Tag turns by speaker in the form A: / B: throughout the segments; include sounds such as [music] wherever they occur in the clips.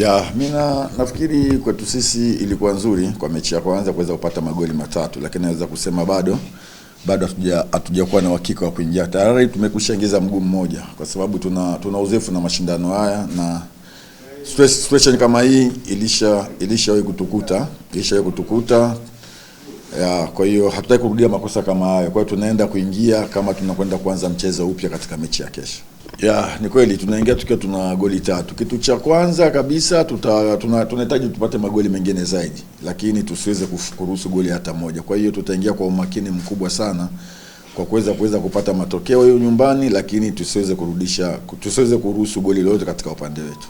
A: Ya, mina nafikiri kwetu sisi ilikuwa nzuri kwa mechi ya kwanza kuweza kupata magoli matatu, lakini naweza kusema bado bado hatujakuwa na uhakika wa kuingia. Tayari tumekushaingiza mguu mmoja, kwa sababu tuna tuna uzoefu na mashindano haya na stress, situation kama hii ilisha ilishawahi kutukuta ilishawahi kutukuta ya, kwa hiyo hatutaki kurudia makosa kama hayo. Kwa hiyo tunaenda kuingia kama tunakwenda kuanza mchezo upya katika mechi ya kesho. Ya, ni kweli tunaingia tukiwa tuna goli tatu. Kitu cha kwanza kabisa tuta, tuna, tunahitaji tupate magoli mengine zaidi, lakini tusiweze kuruhusu goli hata moja. Kwa hiyo tutaingia kwa umakini mkubwa sana kwa kuweza kuweza kupata matokeo hiyo nyumbani, lakini tusiweze kurudisha tusiweze kuruhusu goli lolote katika upande wetu.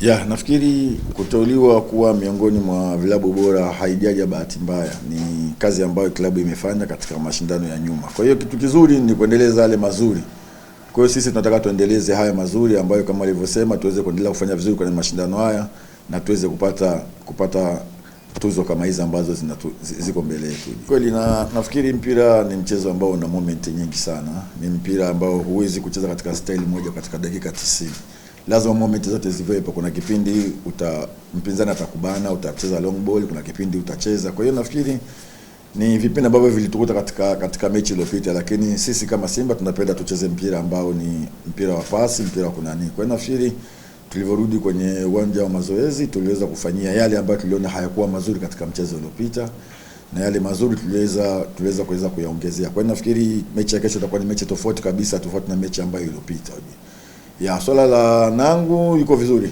A: Ya, nafikiri kuteuliwa kuwa miongoni mwa vilabu bora haijaja bahati mbaya, ni kazi ambayo klabu imefanya katika mashindano ya nyuma. Kwa hiyo kitu kizuri ni kuendeleza yale mazuri. Kwa hiyo sisi tunataka tuendeleze haya mazuri ambayo kama alivyosema, tuweze kuendelea kufanya vizuri kwenye mashindano haya na tuweze kupata kupata tuzo kama hizi ambazo zinatu, ziko mbele yetu. Kweli na nafikiri mpira ni mchezo ambao una moment nyingi sana, ni mpira ambao huwezi kucheza katika staili moja katika dakika 90. Lazima moment zote zivepo. Kuna kipindi uta mpinzani atakubana, utacheza long ball, kuna kipindi utacheza. Kwa hiyo nafikiri ni vipindi ambavyo vilitukuta katika, katika mechi iliyopita, lakini sisi kama Simba tunapenda tucheze mpira ambao ni mpira wa pasi, mpira wa kunani. Kwa hiyo nafikiri tulivyorudi kwenye uwanja wa mazoezi tuliweza kufanyia yale ambayo tuliona hayakuwa mazuri katika mchezo uliopita na yale mazuri tuliweza tuliweza kuweza kuyaongezea. Kwa hiyo nafikiri mechi ya kesho itakuwa ni mechi tofauti kabisa, tofauti na mechi ambayo iliyopita. Ya swala la Nangu yuko vizuri.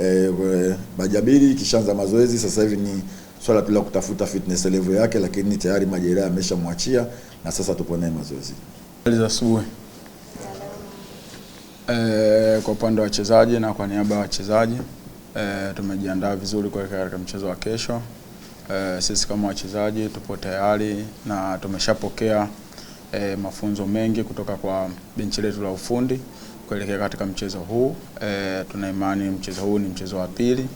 A: E, eh, eh, Bajabiri kishaanza mazoezi sasa hivi ni swala tu la kutafuta fitness level yake, lakini tayari majeraha ameshamwachia na sasa tupo naye mazoezini.
B: Asubuhi e, kwa upande wa wachezaji na kwa niaba ya wachezaji e, tumejiandaa vizuri kuelekea katika mchezo wa kesho. E, sisi kama wachezaji tupo tayari na tumeshapokea e, mafunzo mengi kutoka kwa benchi letu la ufundi kuelekea katika mchezo huu. E, tuna imani mchezo huu ni mchezo wa pili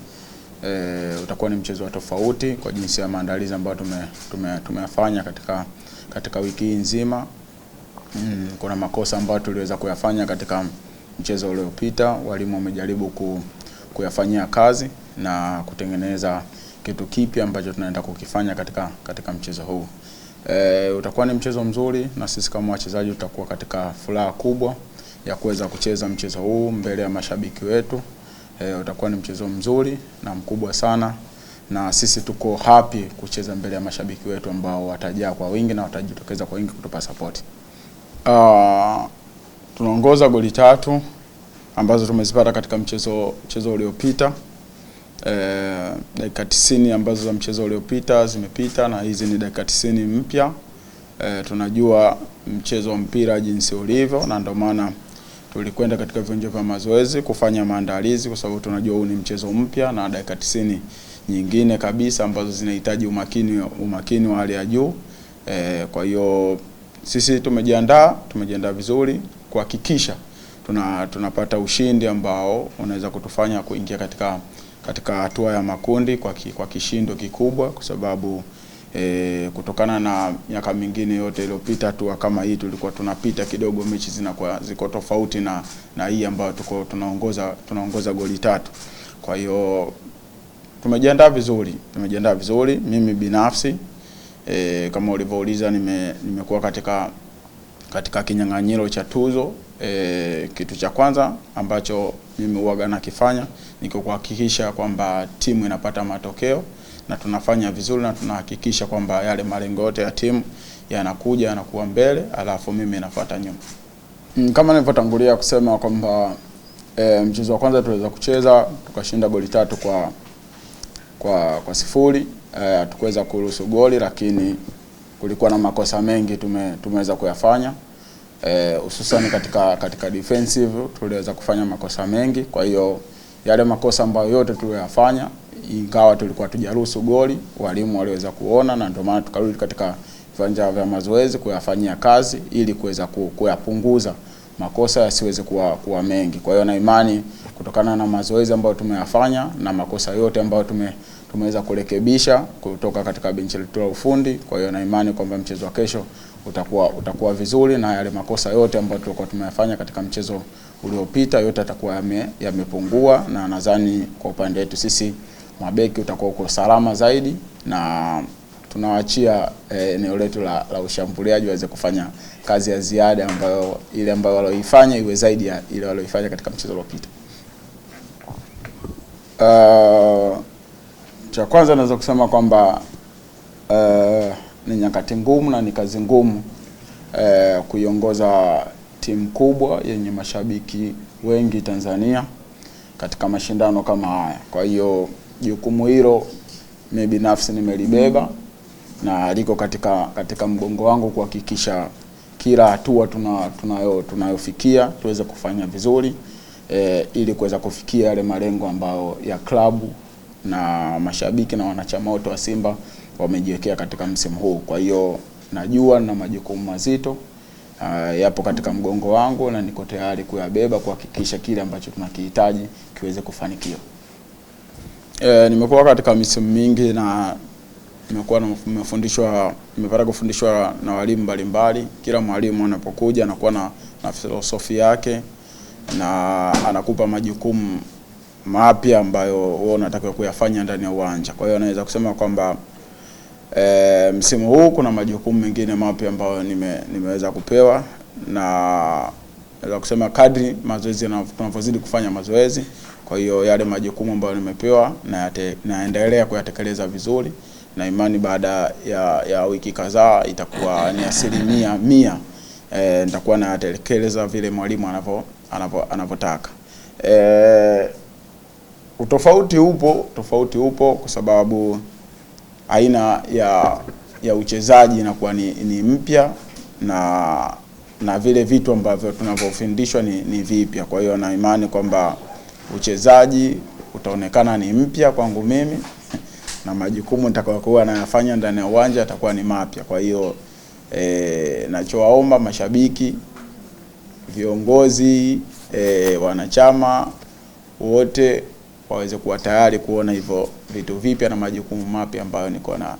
B: e, utakuwa ni mchezo wa tofauti kwa jinsi ya maandalizi ambayo tume, tume, tumeyafanya katika, katika wiki hii nzima. Mm, kuna makosa ambayo tuliweza kuyafanya katika mchezo uliopita, walimu wamejaribu ku, kuyafanyia kazi na kutengeneza kitu kipya ambacho tunaenda kukifanya katika, katika mchezo huu. E, utakuwa ni mchezo mzuri na sisi kama wachezaji tutakuwa katika furaha kubwa ya kuweza kucheza mchezo huu mbele ya mashabiki wetu. E, utakuwa ni mchezo mzuri na mkubwa sana, na sisi tuko happy kucheza mbele ya mashabiki wetu ambao watajaa kwa wingi na watajitokeza kwa wingi kutupa support. Uh,
C: tunaongoza goli tatu ambazo tumezipata katika mchezo mchezo uliopita e, dakika ambazo za mchezo uliopita zimepita na hizi ni dakika 90 mpya. E, tunajua mchezo wa mpira jinsi ulivyo na ndio maana tulikwenda katika viwanja vya mazoezi kufanya maandalizi, kwa sababu tunajua huu ni mchezo mpya na dakika tisini nyingine kabisa ambazo zinahitaji umakini, umakini wa hali ya juu e, kwa hiyo sisi tumejiandaa, tumejiandaa vizuri kuhakikisha tuna tunapata ushindi ambao unaweza kutufanya kuingia katika katika hatua ya makundi kwa, ki, kwa kishindo kikubwa kwa sababu E, kutokana na miaka mingine yote iliyopita tu kama hii tulikuwa tunapita kidogo, mechi zinakuwa ziko tofauti na, na hii ambayo tuko tunaongoza tunaongoza goli tatu. Kwa hiyo tumejiandaa vizuri, tumejiandaa vizuri. Mimi binafsi e, kama ulivyouliza, nime nimekuwa katika katika kinyang'anyiro cha tuzo e, kitu cha kwanza ambacho mimi huwaga nakifanya ni kuhakikisha kwamba timu inapata matokeo na tunafanya vizuri na tunahakikisha kwamba yale malengo yote ya timu yanakuja yanakuwa mbele, alafu mimi nafuata nyuma.
D: Mm, kama nilivyotangulia kusema kwamba e, mchezo wa kwanza tuliweza kucheza tukashinda goli tatu kwa, kwa, kwa sifuri eh, hatukuweza e, kuruhusu goli, lakini kulikuwa na makosa mengi tume, tumeweza kuyafanya eh, hususan e, katika, katika defensive tuliweza kufanya makosa mengi. Kwa hiyo yale makosa ambayo yote tuliyoyafanya ingawa tulikuwa tujaruhusu goli, walimu waliweza kuona, na ndio maana tukarudi katika viwanja vya mazoezi kuyafanyia kazi ili kuweza kuyapunguza makosa yasiweze kuwa, kuwa mengi. Kwa hiyo na imani kutokana na mazoezi ambayo tumeyafanya na makosa yote ambayo tume, tumeweza kurekebisha kutoka katika benchi letu la ufundi. Kwa hiyo na imani kwamba mchezo wa kesho utakuwa, utakuwa vizuri na yale makosa yote ambayo tulikuwa tumeyafanya katika mchezo uliopita yote atakuwa yamepungua, yame na nadhani kwa upande wetu sisi mabeki utakuwa uko salama zaidi, na tunawaachia eh, eneo letu la, la ushambuliaji waweze kufanya kazi ya ziada ambayo ile ambayo waloifanya iwe zaidi ya ile waloifanya katika mchezo uliopita.
E: Uh, cha kwanza naweza kusema kwamba uh, ni nyakati ngumu na ni kazi ngumu uh, kuiongoza timu kubwa yenye mashabiki wengi Tanzania katika mashindano kama haya. Kwa hiyo jukumu hilo mimi binafsi nimelibeba na liko katika, katika mgongo wangu kuhakikisha kila hatua tunayo tunayo tunayofikia tuweze kufanya vizuri e, ili kuweza kufikia yale malengo ambayo ya klabu na mashabiki na wanachama wote wa Simba wamejiwekea katika msimu huu. Kwa hiyo najua na majukumu mazito Uh, yapo katika mgongo wangu na niko tayari kuyabeba kuhakikisha kile ambacho tunakihitaji kiweze kufanikiwa.
F: Eh, nimekuwa katika misimu mingi na nimekuwa nimefundishwa nimepata kufundishwa na walimu mbalimbali. Kila mwalimu anapokuja anakuwa na, na filosofi yake na anakupa majukumu mapya ambayo wewe unatakiwa kuyafanya ndani ya uwanja. Kwa hiyo anaweza kusema kwamba e, msimu huu kuna majukumu mengine mapya ambayo nime, nimeweza kupewa na naweza kusema kadri mazoezi tunavyozidi kufanya mazoezi kwa hiyo yale majukumu ambayo nimepewa na naendelea kuyatekeleza vizuri, na imani baada ya, ya wiki kadhaa itakuwa ni asilimia mia e, nitakuwa nayatekeleza vile mwalimu anavyotaka. E, utofauti upo, tofauti upo kwa sababu aina ya ya uchezaji inakuwa ni, ni mpya na na vile vitu ambavyo tunavyofundishwa ni, ni vipya. Kwa hiyo na imani kwamba uchezaji utaonekana ni mpya kwangu mimi [laughs] na majukumu nitakayokuwa nayafanya ndani ya uwanja yatakuwa ni mapya. Kwa hiyo e, nachowaomba mashabiki, viongozi e, wanachama wote waweze kuwa tayari kuona hivyo vitu vipya na majukumu mapya ambayo niko na